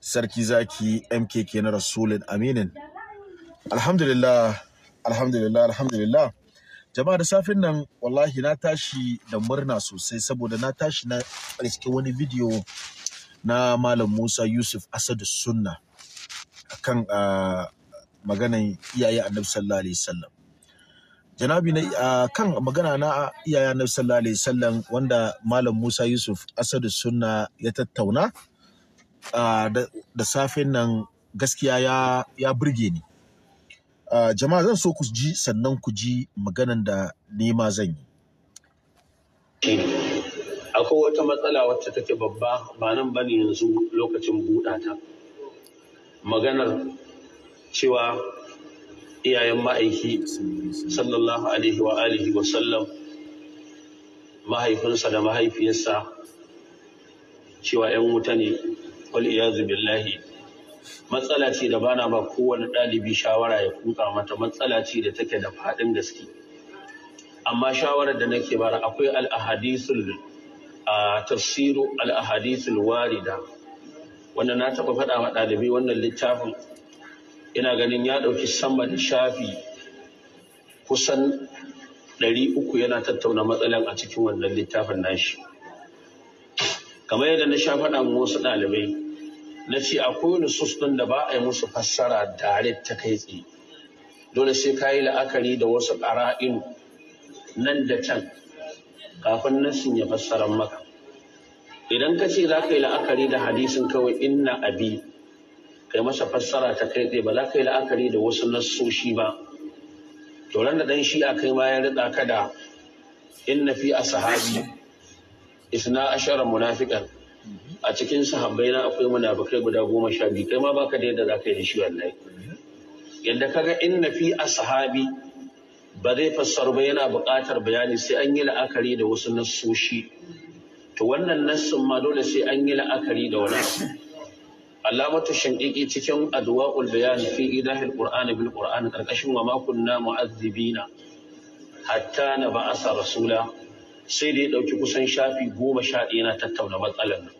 sarki zaki mkk na rasulun aminin alhamdulillah alhamdulillah alhamdulillah jama'a da safin nan wallahi na tashi da murna sosai saboda na tashi na riske wani bidiyo na malam musa yusuf asadu sunna kan uh, ah, maganan iyaye annabi sallallahu alaihi wasallam janabi na a ah, kan magana na iyaye annabi sallallahu alaihi wasallam wanda malam musa yusuf asadu sunna ya tattauna da safen nan gaskiya ya burge ni jama'a zan so ku ji sannan ku ji maganan da nema zan yi akwai wata matsala wacce take babba ba nan ba ne yanzu lokacin buɗata maganar cewa iyayen ma'aiki sallallahu alaihi wa alihi wa sallam mahaifinsa da mahaifiyarsa cewa 'yan wuta ne wal’iyazu billahi matsala ce da bana ba kowane ɗalibi shawara ya kuka mata matsala ce da take da faɗin gaske amma shawarar da nake bara akwai al a tafsiru al-ahadisul warida wanda na taɓa faɗa wa wannan littafin ina ganin ya ɗauki sama da shafi kusan ɗari uku yana tattauna matsalan a cikin wannan littafin nashi kamar yadda na sha faɗa wasu ɗalibai na ce akwai nusus ɗin da ba a yi musu fassara dare ta kai tsaye dole sai ka yi la'akari da wasu ƙara'in nan da can kafin nassin ya fassara maka idan ka ce za ka yi la'akari da hadisin kawai inna abi kai masa fassara ta kai tsaye ba za ka yi la'akari da wasu nasoshi ba to ran da dan shi a kai ma ya rida ka da inna fi ashabi isna ashara munafiqan a cikin sahabbai na akwai munafikai guda goma sha biyu kai ma baka da yadda zaka yi da shi wallahi yadda kaga na fi ashabi ba zai fassar ba yana buƙatar bayani sai an yi la'akari da wasu nassoshi to wannan nassin ma dole sai an yi la'akari da wani alamatu shinqiki cikin adwa'ul bayani fi idahil qur'ani bil qur'ani karkashin wa ma kunna mu'azzibina hatta na ba'asa rasula sai da ya ɗauki kusan shafi goma sha ɗaya na tattauna matsalar nan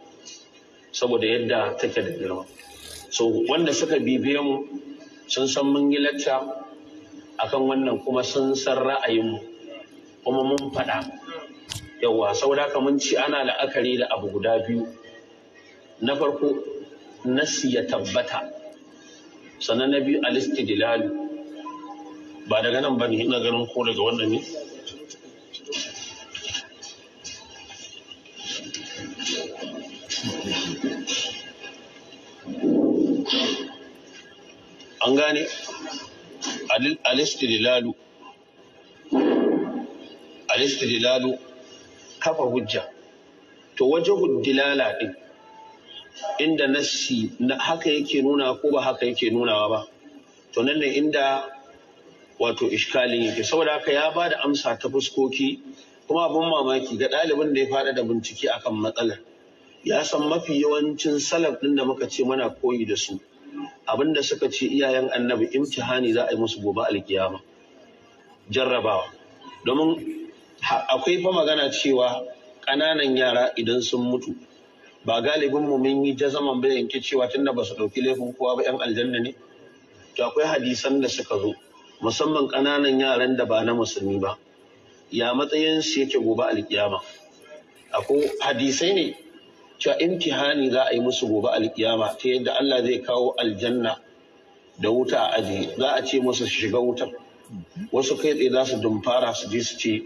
saboda yadda take da girma so wanda suka bibiye mu sun san mun yi lacca akan wannan kuma sun san ra'ayinmu kuma mun faɗa Yawwa saboda haka mun ci ana la'akari da abu guda biyu na farko nasi ya tabbata sannan na biyu alistidlalu ba daga nan ba ne ina ganin ko daga wannan ne an gane alistililalu alistililalu kafa hujja to wajen dilala din inda nassi na haka yake nuna ko ba haka yake nunawa ba to nan ne inda wato ishkalin yake saboda haka ya ba da amsa ta fuskoki kuma abun mamaki ga ɗalibin da ya faɗa da bincike akan matsalar ya san mafi yawancin salaf ɗin da muka ce muna koyi da su abinda suka ce iyayen annabi imtihani za a yi musu gobe alkiyama jarrabawa domin akwai fa magana cewa ƙananan yara idan sun mutu ba galibin mu mun yi jazaman bai yanke cewa tunda ba su ɗauki laifin kowa ba 'yan aljanna ne to akwai hadisan da suka zo musamman ƙananan yaran da ba na musulmi ba ya matsayin su yake gobe alkiyama akwai hadisai ne cewa imtihani za a yi musu gobe alkiyama ta yadda Allah zai kawo aljanna da wuta a aji za a ce musu su shiga wutar wasu kai tsaye za su dumfara su je su ce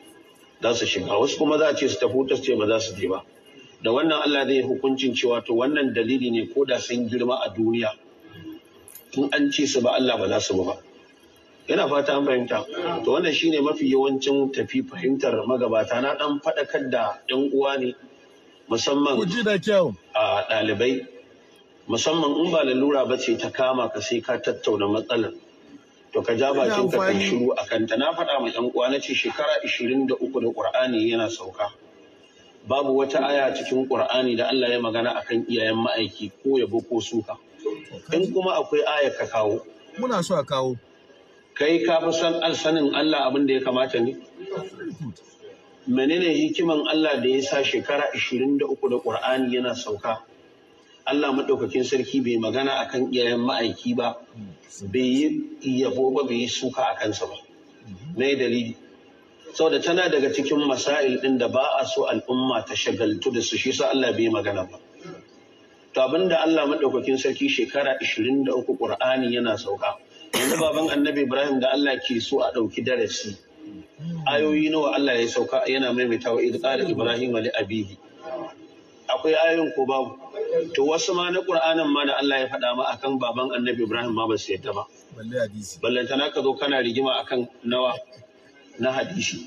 za su shiga wasu kuma za a ce su tafi wutar ce ba za su je ba da wannan Allah zai hukuncin cewa to wannan dalili ne ko da sun girma a duniya tun an ce su ba Allah ba za su ba yana fata an fahimta to wannan shine mafi yawancin tafi fahimtar magabata na dan faɗakar da 'yan uwa ne musamman a ɗalibai musamman in ba lalura ba ce ta kama ka sai ka tattauna matsalar to ka ja bakin ka kan shiru a kanta na faɗa ma ƴan uwa ce shekara 23 da ƙur'ani yana sauka babu wata aya cikin ƙur'ani da Allah ya magana akan iyayen ma'aiki ko yabo ko suka in kuma akwai aya ka kawo muna so a kawo kai ka fi san alsanin Allah abin da ya kamata ne menene hikiman Allah da ya sa shekara 23 da ƙur'ani yana sauka Allah maɗaukakin sarki bai magana a kan iyayen ma'aiki ba bai yi yabo ba bai yi suka a kansa ba mai dalili saboda tana daga cikin masail ɗin da ba a so al'umma ta shagaltu da su shi sa Allah bai magana ba to abin da Allah maɗaukakin sarki shekara 23 ƙur'ani yana sauka yanzu baban annabi Ibrahim da Allah ke so a ɗauki darasi ayoyi nawa Allah ya sauka yana maimaitawa idh qala ibrahim li abihi akwai ayoyin ko babu to wasu ma na qur'anin ma da Allah ya faɗa ma akan baban annabi ibrahim ma ba su yadda ba ballantana ka zo kana rigima akan nawa na hadisi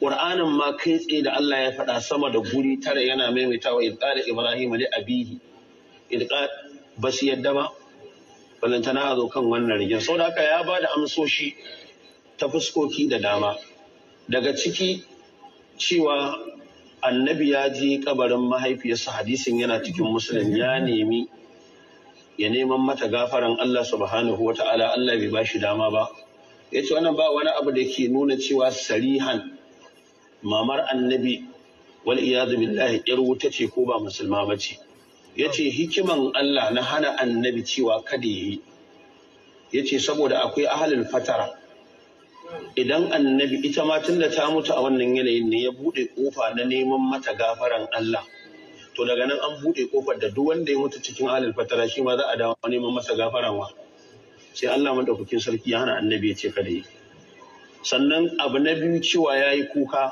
ƙur'anin ma kai tsaye da Allah ya faɗa sama da guri tare yana maimaitawa ilƙada ibrahim li abihi ilƙad ba su yadda ba balantana na zo kan wannan rigin sau da haka ya ba da amsoshi ta fuskoki da dama daga ciki cewa annabi ya je kabarin mahaifiyarsa hadisin yana cikin musulun ya nemi ya neman mata gafaran Allah subhanahu wa ta'ala Allah bai ba shi dama ba ya ce wannan ba wani abu da ke nuna cewa sarihan mamar annabi wal iyadu billahi yar wuta ce ko ba musulma ba ce ya ce hikiman Allah na hana annabi cewa kada yi ya ce saboda akwai ahalin fatara idan annabi ita ma tun da ta mutu a wannan yanayin ne ya buɗe kofa na neman mata gafaran Allah to daga nan an buɗe ƙofar da duk wanda ya mutu cikin halin fatara shi ma za a dawo neman masa gafaran wa sai Allah madaukakin sarki ya hana annabi ya ce kada yi sannan abu na biyu cewa ya yi kuka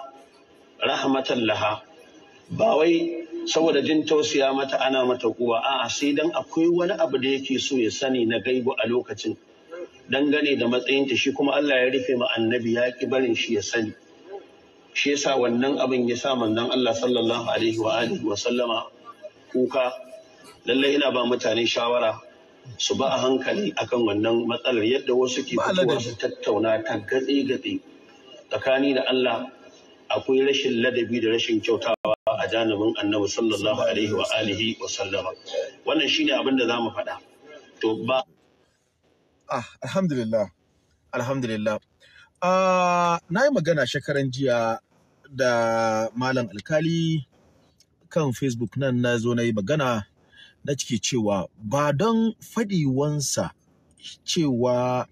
rahmatan laha ba wai saboda jin tausaya mata ana mata kuwa a'a sai dan akwai wani abu da yake so ya sani na gaibu a lokacin dangane da matsayinta shi kuma Allah ya rufe ma annabi ya ki barin shi ya sani shi yasa wannan abin ya sa manzon Allah sallallahu alaihi wa alihi wa sallama kuka lallai ina ba mutane shawara su ba a hankali akan wannan matsalar yadda wasu ke fitowa su tattauna ta gatse gatse tsakani da Allah akwai rashin ladabi da rashin kyautawa a janibin annabi sallallahu alaihi wa alihi wa sallama wannan shine abin da zamu faɗa to ba Ah, alhamdulillah. Alhamdulillah. Ah, na yi magana shekaran jiya da Malam Alkali kan Facebook nan na zo na yi magana na cike cewa ba don faɗiwansa cewa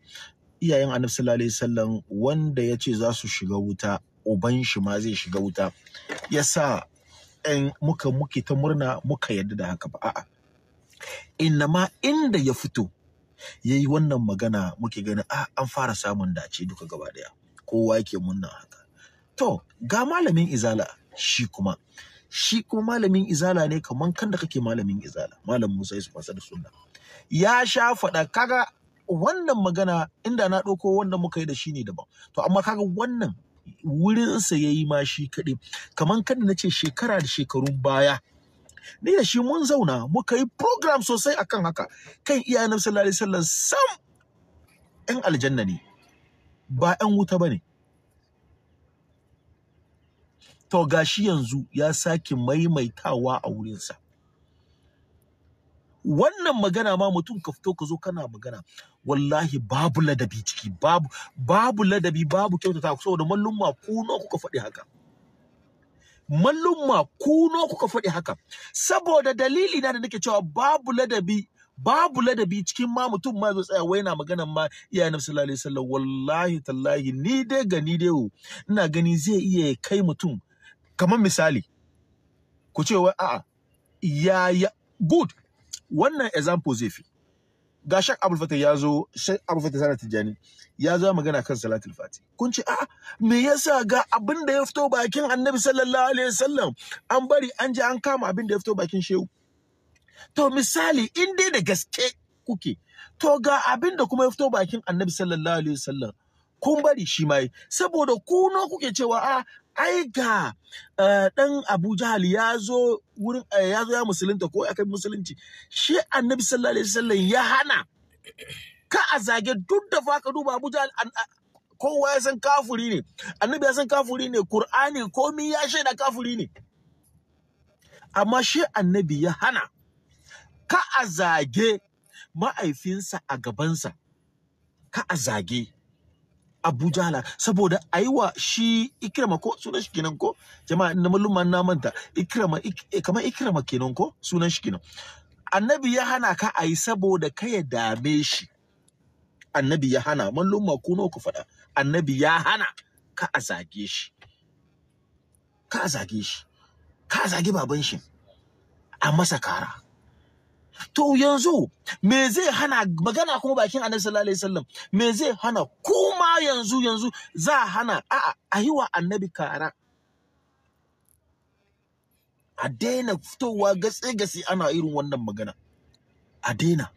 iyayen Annabi sallallahu alaihi wasallam wanda ya ce za su shiga wuta uban shi ma zai shiga wuta ya sa ‘yan muka muke ta murna muka yadda da haka ba a'a inna ma inda ya fito Yayi wannan magana muke ganin a an fara samun dace duka gaba ɗaya kowa yake munna haka to ga malamin izala shi kuma shi kuma malamin izala ne kaman kan da kake malamin izala malam Musa Yusuf Asad Sunna ya sha faɗa kaga wannan magana inda na ɗauko wanda muka yi da shi ne daban to amma kaga wannan wurinsa ya yi ma shi kaɗai kaman kan da na ce shekara da shekarun baya ni da shi mun zauna muka yi program sosai akan haka kan iyayen nabi sallallahu alaihi wasallam sam ɗan aljanna ne ba ɗan wuta ba ne to gashi yanzu ya sake maimaitawa a wurinsa wannan magana ma mutum ka fito ka zo kana magana wallahi babu ladabi ciki babu babu ladabi babu kyautata saboda mallum ma ku nawa kuka faɗi haka mallumma kuno kuka faɗi haka saboda dalili na da nake cewa babu ladabi babu ladabi cikin ma mutum ma zo tsaya wai na maganan ma iyayen nabi sallallahu alaihi wasallam wallahi tallahi ni dai ga ni dai ina gani zai iya kai mutum kamar misali ku ce wai a'a yaya good wannan example zai fi ga shak abul fatih ya zo shak abul fatih sana tijani ya zo magana kan salatul fati kun ce a me yasa ga abin da ya fito bakin annabi sallallahu alaihi wasallam an bari an je an kama abin da ya fito bakin shehu to misali in dai da gaske kuke to ga abin da kuma ya fito bakin annabi sallallahu alaihi wasallam kun bari shi ma saboda ku kuke cewa a ai ga dan eh, Abu Jahal ya zo wurin eh, ya zo ya musulunta ko akan musulunci shi Annabi sallallahu alaihi wasallam ya hana ka a zage duk da fa ka duba Abu Jahal kowa ya san kafuri ne Annabi ya san kafuri ne Qur'ani komai ya shaida kafuri ne amma shi Annabi ya hana ka a zage ma'aifinsa a gabansa ka a zage Abu la saboda aiwa shi Ikrama ko sunan shi kenan ko jama'a inda malluma na manta Ikrama eh, kamar Ikrama kenan ko sunan shi kenan Annabi ya hana ka yi saboda ka ya dame shi Annabi ya hana malluma ku n'o ku fada Annabi ya hana ka a zage shi ka zage shi ka a zage baban shi a masa kara to yanzu me zai hana magana kuma bakin annabi sallallahu alaihi wasallam me zai hana kuma yanzu yanzu za hana a'a a yi wa annabi kara a daina fitowa gatse gatsi ana irin wannan magana a daina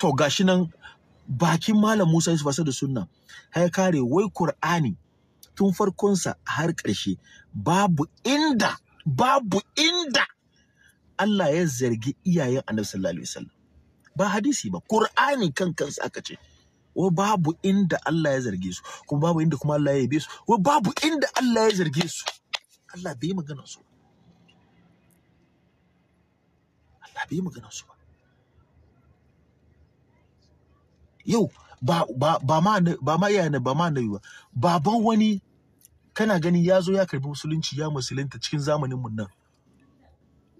to gashi nan bakin malam Musa Yusuf da Sunna ya kare wai Qur'ani tun farkonsa har ƙarshe babu inda babu inda Allah ya zargi iyayen Annabi sallallahu alaihi wasallam ba hadisi ba Qur'ani kan kansa aka ce wa babu inda Allah ya zarge su kuma babu inda kuma Allah ya yabe su wa babu inda Allah ya zarge su Allah bai magana su Allah bai magana su ba yau ba ba ba ma ba ma yana ba ma nabi ba baban wani kana gani ya zo ya karbi musulunci ya musulunta cikin zamanin mun nan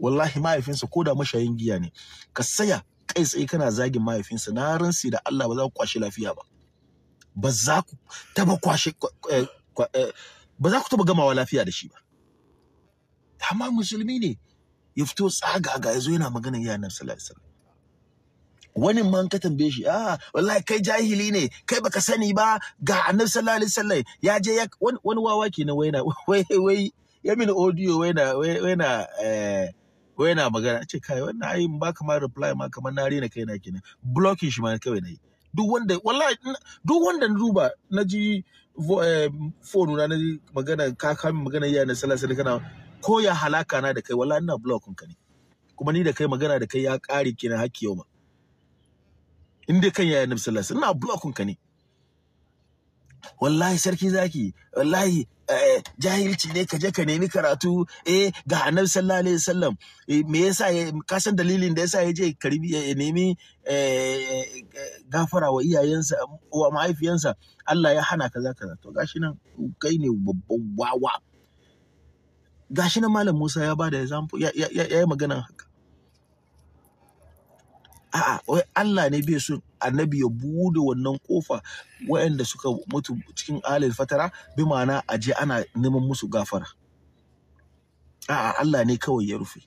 wallahi mahaifinsa ko da mashayin giya ne ka saya kai tsaye kana zagin mahaifinsa na ransi da Allah ba za ku kwashe lafiya ba ba za ku taba kwashe eh, eh, ba za ku taba gamawa lafiya da shi ba amma musulmi ne ya fito tsagaga ya zo yana maganar yanar sallallahu alaihi wasallam wani man ka tambaye shi ah wallahi kai jahili ne kai baka sani ba ga annabi sallallahu alaihi wasallam ya je ya wani wawa kenan wai na wai wai ya mini audio wai na wai na eh ko yana magana ce kai wannan ai ba ka ma reply ma kamar na rena na kenan blocking shi ma kawai nayi duk wanda wallahi duk wanda na duba na ji phone na naji magana ka kami magana ya na sallah sai kana ko ya halaka na da kai wallahi ina blocking ka ne kuma ni da kai magana da kai ya kare kenan hakki yau ma in dai kan ya nabi sallallahu alaihi wasallam ina blocking ka ne wallahi sarki zaki wallahi eh, jahilci ne ka je ka nemi karatu eh ga annabi sallallahu alaihi wasallam eh, me yasa ka san dalilin da yasa ya je karbi ya nemi eh, gafara wa iyayensa wa mahaifiyansa Allah ya hana kaza kaza to gashi nan kai ne babban wawa gashi nan malam Musa ya bada example ya ya ya, ya, haka a'a wai Allah ne bai so annabi ya bude wannan kofa waɗanda suka mutu cikin alil fatara bi ma'ana a je ana neman musu gafara a'a Allah ne kawai ya rufe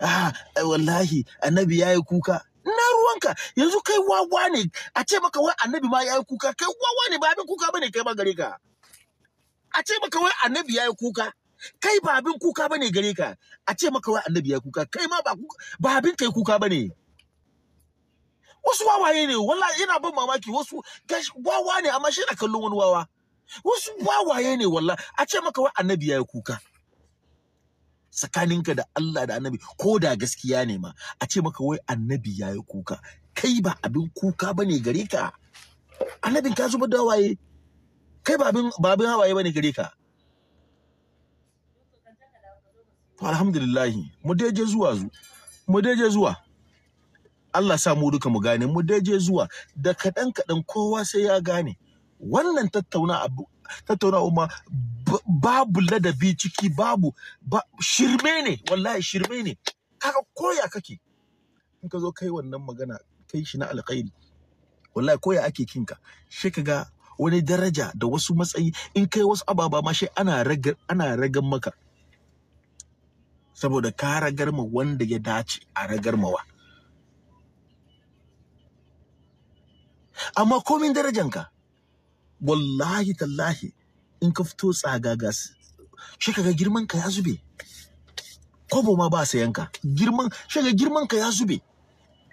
a'a wallahi annabi ya yi kuka na ruwanka yanzu kai wawa ne a ce maka wai annabi ma ya yi kuka kai wawa ne ba abin kuka bane kai ma gare ka a ce maka wai annabi ya yi kuka kai ba abin kuka bane gare ka a ce maka wai annabi ya kuka kai ma ba ba abin kai kuka bane wasu wawaye ne wallahi ina ban mamaki wasu wawa ne amma shi na kallon wani wawa wasu wawaye ne wallahi a ce maka wai annabi ya kuka tsakaninka da Allah da annabi ko da gaskiya ne ma a ce maka wai annabi ya kuka kai ba abin kuka bane gare ka annabin ka zubar da waye kai ba abin ba abin hawaye bane gare ka alhamdulillahi mu daje zuwa zu mu daje zuwa Allah sa mu duka mu gane mu daje zuwa da kaɗan kaɗan kowa sai ya gane wannan tattauna abu tattauna umma babu ladabi ciki babu shirme ne wallahi shirme ne kaga koya kake in ka zo kai wannan magana kai shi na alkhairi wallahi koya ake kinka shi kaga wani daraja da wasu matsayi in kai wasu ababa ma shi ana ragan maka saboda ka ragarma wanda ya dace a ragarmawa amma komin darajanka wallahi tallahi in ka fito tsagaga shi kaga girman ka ya zube kobo ma ba sayan ka girman shi ga girman ka ya zube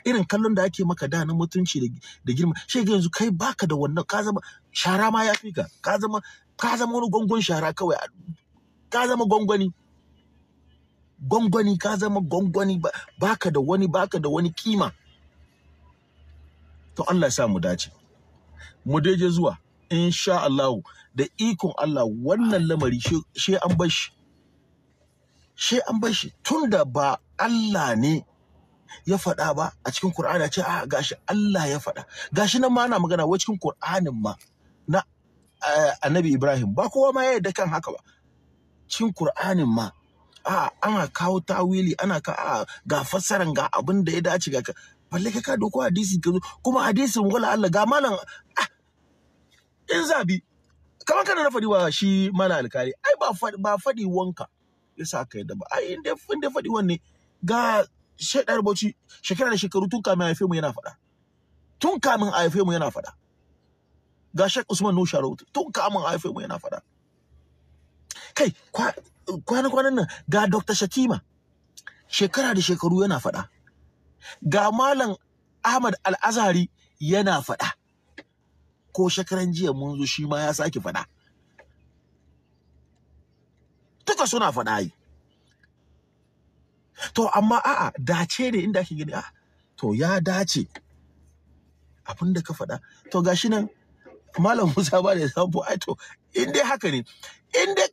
irin kallon da ake maka da na mutunci da girma shi ga yanzu kai baka da wannan ka zama shara ma ya fi ka ka zama ka zama wani gongon shara kawai ka zama gwangwani gwangwani ka zama gwangwani baka da wani baka da wani kima to Allah sa mu dace mu daje zuwa insha Allah da ikon Allah wannan lamari she an bar shi she an bar shi tunda ba Allah ne ya faɗa ba a cikin a ce a ah, gashi Allah ya faɗa gashi nan ma ana magana wa cikin Qur'anin ma na eh, Annabi Ibrahim ba kowa ma ya yarda kan haka ba cikin Kur'anin ma a ana kawo tawili ana ka a ga fassaran ga abin da ya dace ga balle ka kado ko hadisi ka zo kuma hadisin wala Allah ga malam in zabi kamar kana na faɗi wa shi malam alkari ai ba ba faɗi wanka yasa kai da ba ai in dai in dai faɗi wanne ga shaidar bauchi shekara da shekaru tun kamin a haife mu yana faɗa tun kamin a haife mu yana faɗa ga Shek Usman Nusharo tun kamin a haife mu yana faɗa kai kwanan-kwanan nan ga Dr. Shakima shekara da shekaru yana faɗa. Ga Malam Ahmad al yana faɗa. Ko shekaran jiya mun zo shi ma ya sake faɗa. Duka suna faɗa yi. To amma a'a dace ne inda ake gani a'a ah, to ya dace abin da ka faɗa to gashi nan malam Musa ba da sabo ai to in dai haka ne in dai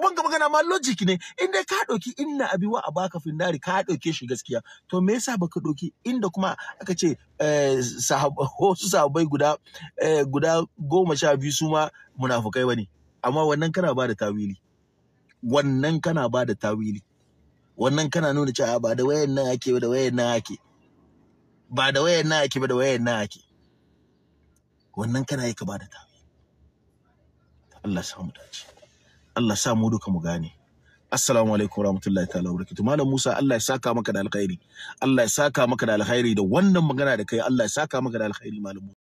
banga magana ma logic ne in dai ka doki inna wa a baka finnari ka doke shi gaskiya to me yasa baka ɗauki inda kuma aka ce eh, wasu sahabbai guda eh, guda goma sha biyu su ma munafukai bane amma wannan kana ba da tawili wannan kana ba da tawili wannan kana nuna cewa ba da wayan nan ake ba da wayan nan ake ba da wayan nan ake ba da wayan nan ake wannan kana yi ka bada ta Allah sa mu dace Allah sa mu duka mu gane Assalamu alaikum warahmatullahi ta'ala wabarakatuh Malam Musa Allah ya saka maka da alkhairi Allah ya saka maka da alkhairi da wannan magana da kai Allah ya saka maka da alkhairi Malam